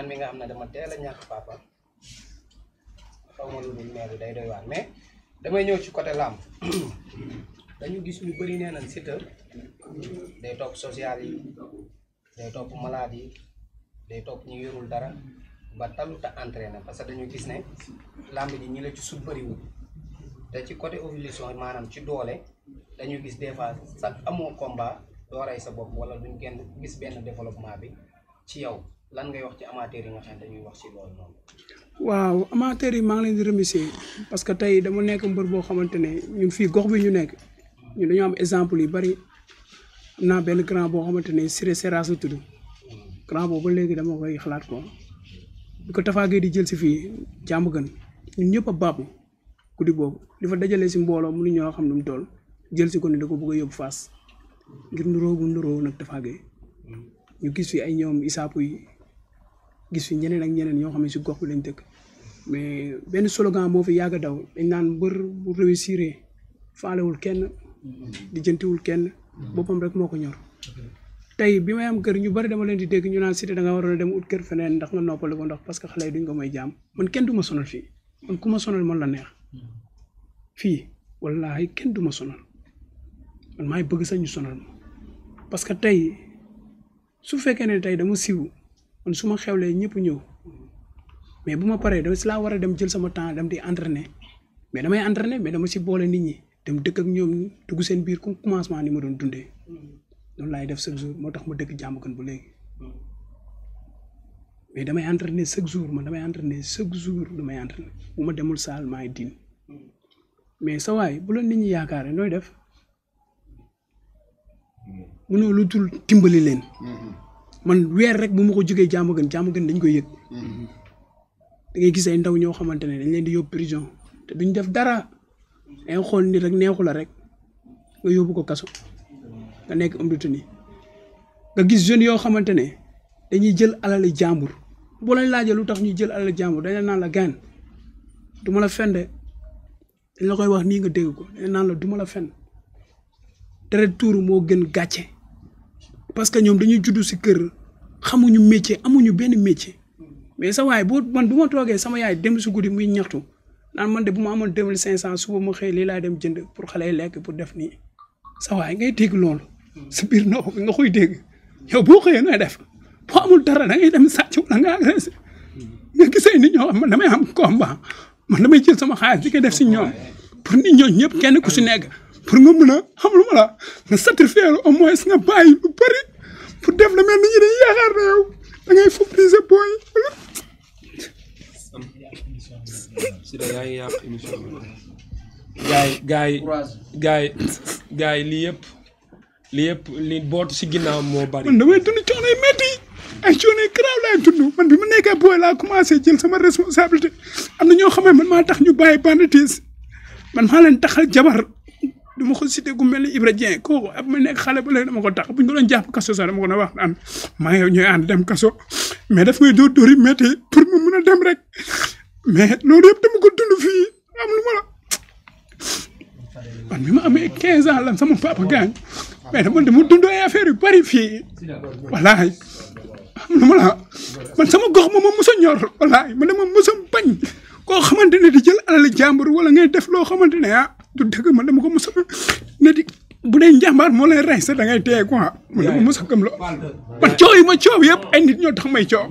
man mi nga xam ne dama teel a ñàkk papa xaw ma lu dul meer day doy waar mais damay ñëw ci côté làmb dañu gis ñu bëri nee nañ Siteu day topp social yi day topp malade yi day topp ñu yorul dara ba talut a entraîné parce que dañu gis ne làmb ji ñi la ci sut bëriwul te ci côté évolution maanaam ci doole dañu gis des fois sax amoo combat doo sa bopp wala duñ génn gis benn développement bi ci yow lan ngay wax ci amateurs yi nga xam ne dañuy si loolu noonu. waaw amateurs yi ngi leen di remercier parce que tey dama nekk mbër boo xamante ne ñun fii gox bi ñu nekk ñun dañoo am exemple yu bari am naa benn grand boo xamante ne Siré Seras la tudd grand boobu ba léegi dama koy xalaat ko bi ko tafaagee di jël si fii jàmm gën ñun ñëpp a baabu boobu li fa dajalee si mbooloo mënu ñoo xam nu mu toll jël ko ne da ko bëgg a yóbbu Fass ngir nuróo bu nuróo nag tafaagee hmm. ñu gis fi ay ñoom isaapu yi. gis fi ñeneen ak ñeneen ñoo xam ne si gox bi lañ dëkk mais benn slogan moo fi yàgg a daw dañ naan mbër bu réussir faalewul kenn di jëntiwul kenn boppam rek moo ko ñor tey bi may am kër ñu bari dama leen di dégg ñu naan Siteu da war waroon dem ut kër feneen ndax nga noppali ko ndax parce que xale yi duñ ko may jaam man kenn du ma sonal fii man ku ma sonal man la neex fii wallaahi kenn du ma sonal man maay bëgg sañu ñu ma parce que tey su fekkee ne tey dama siw man su ma xewlee ñëpp ñëw mais bu ma paree dama si laa war a dem jël sama temps dem di entraîner mais damay entraîner mais dama si boole nit ñi dem dëkk ak ñoom dugg seen biir comme ni ma doon dundee loolu laay def chaque jour moo tax ma dëkk jàmm gën bu léegi mais damay entraîner chaque jour man damay entraîner chaque jour damay entraîner bu ma demul saal maay diin mais sa waay bu la nit ñi yaakaare nooy def mm. mënoo lu dul dimbali leen. Mm-hmm. man weer rek bu ma ko jógee jàmm gën jàmm gën dañ koy yëg. Mm-hmm. da ngay gis ay ndaw ñoo xamante ne dañ leen di yóbbu prison te duñ def dara ay xool ni rek neexu la rek nga yóbbu ko kaso nga nekk am détenu nga gis jeunes yoo xamante ne dañuy jël alali jàmbur boo lañ laajee lu tax ñuy jël alali jàmbur dañ naan la gaan du la fen de dañ la koy wax nii nga dégg ko dañ naan la du ma la fen deret tuuru moo gën gàcce. parce que ñoom dañuy juddu si kër xamuñu métier amuñu benn métier mais sa waay boo man bu ma toogee sama yaay dem si guddi muy ñaxtu naan man de bu ma amoon deux mille cinq cent suba ma xëy lii laay dem jënd pour xale yi pour def nii sa ngay dégg loolu. sa biir ndox nga koy dégg yow boo xëyee def amul dara da ngay dem sàcc wala nga agressé nga gisee nit ñoo xam man damay am combat man damay jël sama xaalis di ko def si ñoom pour nit ñooñu ñëpp kenn ku si nekk. pour nga mun a xam lu ma la nga satisfaire au moins nga bàyyi lu bëri pour def la mel ni ñu dañuy yaakaar ne yow da ngay favoriser booy gaay gaay gaay gaay lii yëpp lii yëpp si ginnaaw moo bari man damay dund coono yu métti ay coono yu garaaw man bi ma nekkee booy laa commencé jël sama responsabilité am na ñoo xam ne man maa tax ñu bàyyi banditis man maa leen taxal jabar du ma ko cité ku mel ni Ibra Dieng kooku ab ma nekk xale ba léegi dama ko tax buñ ko doon jàpp kaso sax dama ko doon wax am maa ngi ñooy ànd mais daf may dóor dóori mu a dem rek mais loolu yëpp dama ko dund fii am lu ma bi ma amee quinze ans la sama papa gaañ mais dama dama dund ay affaire yu bari fii walaay am man sama gox ma ma mos a ñor walaay man dama mos a bañ koo xamante ne jël alal jàmbur wala ngay def loo xamante ne ah. du dëgg man dama ko mos a ne di bu dee njàmbaar moo lay rey sax da ngay téye a man dama mos a gëm la. man coow yi ma coow yëpp ay nit ñoo tax may coow.